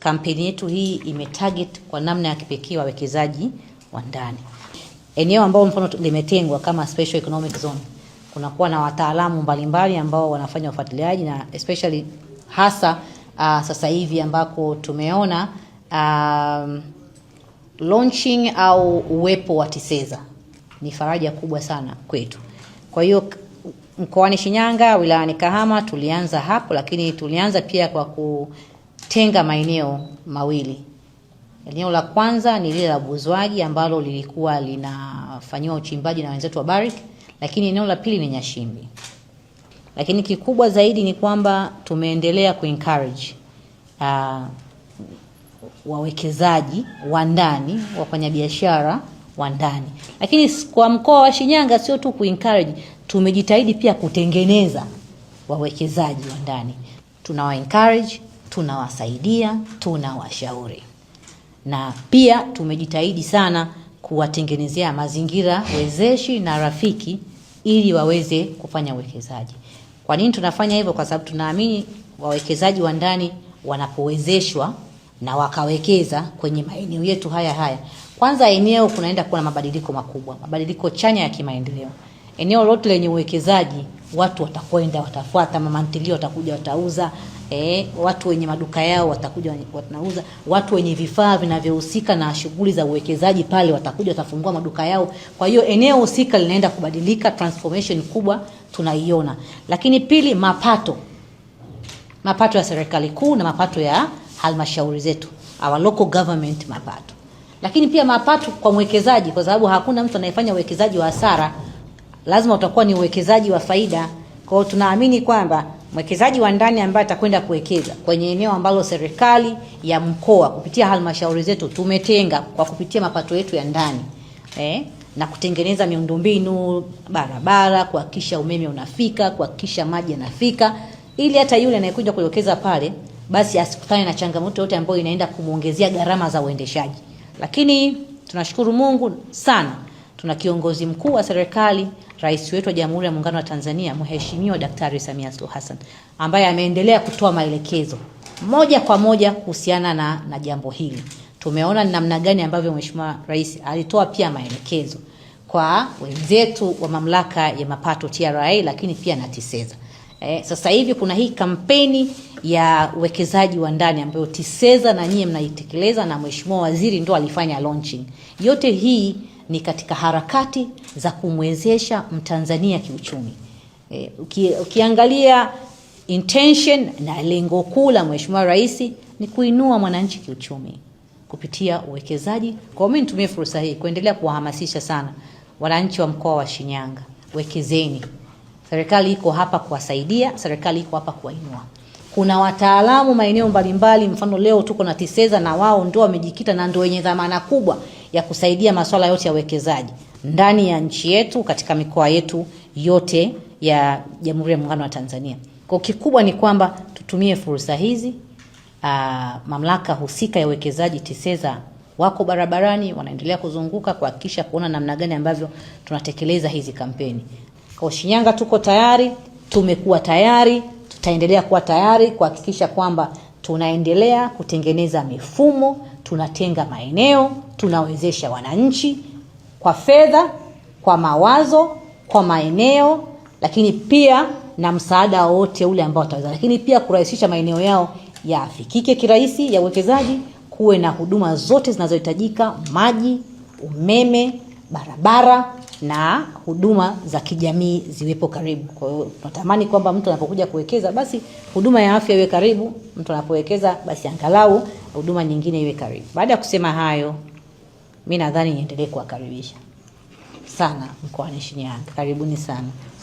Kampeni yetu hii imetarget kwa namna ya kipekee wawekezaji wa ndani. Eneo ambao mfano limetengwa kama special economic zone, kunakuwa na wataalamu mbalimbali ambao wanafanya ufuatiliaji na especially hasa uh, sasa hivi ambako tumeona um, launching au uwepo wa Tiseza ni faraja kubwa sana kwetu. Kwa hiyo mkoani Shinyanga, wilayani Kahama tulianza hapo, lakini tulianza pia kwa ku tenga maeneo mawili. Eneo la kwanza ni lile la Buzwaji ambalo lilikuwa linafanyiwa uchimbaji na wenzetu wa Barrick, lakini eneo la pili ni Nyashimbi. Lakini kikubwa zaidi ni kwamba tumeendelea encourage uh, ah, wawekezaji wa ndani, wafanyabiashara wa ndani, lakini kwa mkoa wa Shinyanga sio tu encourage, tumejitahidi pia kutengeneza wawekezaji wa ndani, tunawa encourage tunawasaidia, tunawashauri na pia tumejitahidi sana kuwatengenezea mazingira wezeshi na rafiki ili waweze kufanya uwekezaji. Kwa nini tunafanya hivyo? Kwa sababu tunaamini wawekezaji wa ndani wanapowezeshwa na wakawekeza kwenye maeneo yetu haya haya, kwanza eneo kunaenda kuwa na mabadiliko makubwa, mabadiliko chanya ya kimaendeleo. Eneo lote lenye uwekezaji watu watakwenda, watafuata, mamantilio, watakuja, watauza eh, watu wenye maduka yao watakuja wanauza, watu wenye vifaa vinavyohusika na shughuli za uwekezaji pale watakuja watafungua maduka yao. Kwa hiyo eneo husika linaenda kubadilika, transformation kubwa tunaiona. Lakini pili, mapato, mapato ya serikali kuu na mapato ya halmashauri zetu, our local government mapato, lakini pia mapato kwa mwekezaji, kwa sababu hakuna mtu anayefanya uwekezaji wa hasara, lazima utakuwa ni uwekezaji wa faida. Kwa hiyo tunaamini kwamba mwekezaji wa ndani ambaye atakwenda kuwekeza kwenye eneo ambalo serikali ya mkoa kupitia halmashauri zetu tumetenga kwa kupitia mapato yetu ya ndani eh, na kutengeneza miundombinu, barabara, kuhakikisha umeme unafika, kuhakikisha maji yanafika, ili hata yule anayekuja kuwekeza pale basi asikutane na changamoto yote ambayo inaenda kumwongezea gharama za uendeshaji. Lakini tunashukuru Mungu sana Tuna kiongozi mkuu wa serikali, rais wetu wa Jamhuri ya Muungano wa Tanzania, Mheshimiwa Daktari Samia Suluhu Hassan, ambaye ameendelea kutoa maelekezo moja kwa moja kuhusiana na, na jambo hili. Tumeona ni namna gani ambavyo Mheshimiwa Rais alitoa pia maelekezo kwa wenzetu wa mamlaka ya mapato TRA, lakini pia na TISEZA. Eh, sasa hivi kuna hii kampeni ya uwekezaji wa ndani ambayo TISEZA na nyie mnaitekeleza na Mheshimiwa Waziri ndo alifanya launching. Yote hii ni katika harakati za kumwezesha Mtanzania kiuchumi. Eh, uki, ukiangalia intention na lengo kuu la Mheshimiwa Rais ni kuinua mwananchi kiuchumi kupitia uwekezaji. Kwa mimi nitumie fursa hii kuendelea kuwahamasisha sana wananchi wa mkoa wa Shinyanga, wekezeni. Serikali iko hapa kuwasaidia, serikali iko hapa kuwainua. Kuna wataalamu maeneo mbalimbali, mfano leo tuko na Tiseza na wao ndio wamejikita na ndio wenye dhamana kubwa ya kusaidia masuala yote ya uwekezaji ndani ya nchi yetu katika mikoa yetu yote ya Jamhuri ya Muungano wa Tanzania. Kwa kikubwa ni kwamba tutumie fursa hizi. Aa, ah, mamlaka husika ya uwekezaji Tiseza wako barabarani, wanaendelea kuzunguka kuhakikisha kuona namna gani ambavyo tunatekeleza hizi kampeni. Kwa Shinyanga tuko tayari, tumekuwa tayari, tutaendelea kuwa tayari kuhakikisha kwamba tunaendelea kutengeneza mifumo, tunatenga maeneo, tunawezesha wananchi kwa fedha, kwa mawazo, kwa maeneo, lakini pia na msaada wote ule ambao wataweza, lakini pia kurahisisha maeneo yao yafikike kirahisi ya uwekezaji, kuwe na huduma zote zinazohitajika: maji, umeme, barabara na huduma za kijamii ziwepo karibu. Kwa hiyo tunatamani kwamba mtu anapokuja kuwekeza basi huduma ya afya iwe karibu, mtu anapowekeza basi angalau huduma nyingine iwe karibu. Baada ya kusema hayo, mi nadhani niendelee kuwakaribisha sana mkoani Shinyanga. Karibuni sana.